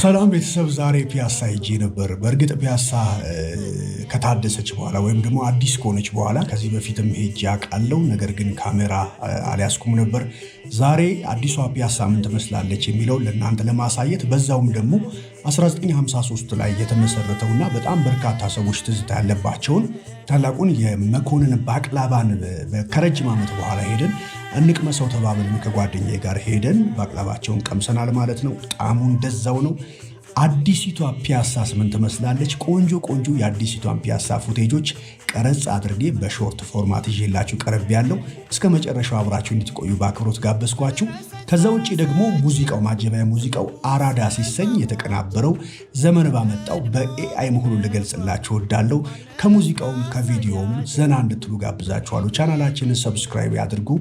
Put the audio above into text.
ሰላም ቤተሰብ፣ ዛሬ ፒያሳ ሄጄ ነበር። በእርግጥ ፒያሳ ከታደሰች በኋላ ወይም ደግሞ አዲስ ከሆነች በኋላ ከዚህ በፊትም ሄጄ አውቃለሁ፣ ነገር ግን ካሜራ አልያዝኩም ነበር። ዛሬ አዲሷ ፒያሳ ምን ትመስላለች የሚለውን ለእናንተ ለማሳየት በዛውም ደግሞ 1953 ላይ የተመሰረተውና በጣም በርካታ ሰዎች ትዝታ ያለባቸውን ታላቁን የመኮንን ባቅላባን ከረጅም ዓመት በኋላ ሄደን እንቅመሰው ተባብለን ከጓደኛዬ ጋር ሄደን ባቅላባቸውን ቀምሰናል ማለት ነው። ጣዕሙ እንደዛው ነው። አዲሲቷ ፒያሳስ ምን ትመስላለች? ቆንጆ ቆንጆ የአዲሲቷን ፒያሳ ፉቴጆች ቀረጽ አድርጌ በሾርት ፎርማት ይዤላችሁ ቀረብ ያለው እስከ መጨረሻው አብራችሁ እንድትቆዩ በአክብሮት ጋበዝኳችሁ። ከዛ ውጭ ደግሞ ሙዚቃው ማጀቢያ ሙዚቃው አራዳ ሲሰኝ የተቀናበረው ዘመን ባመጣው በኤአይ መሆኑን ልገልጽላችሁ ወዳለው ከሙዚቃውም ከቪዲዮውም ዘና እንድትሉ ጋብዛችኋሉ ቻናላችንን ሰብስክራይብ ያድርጉ።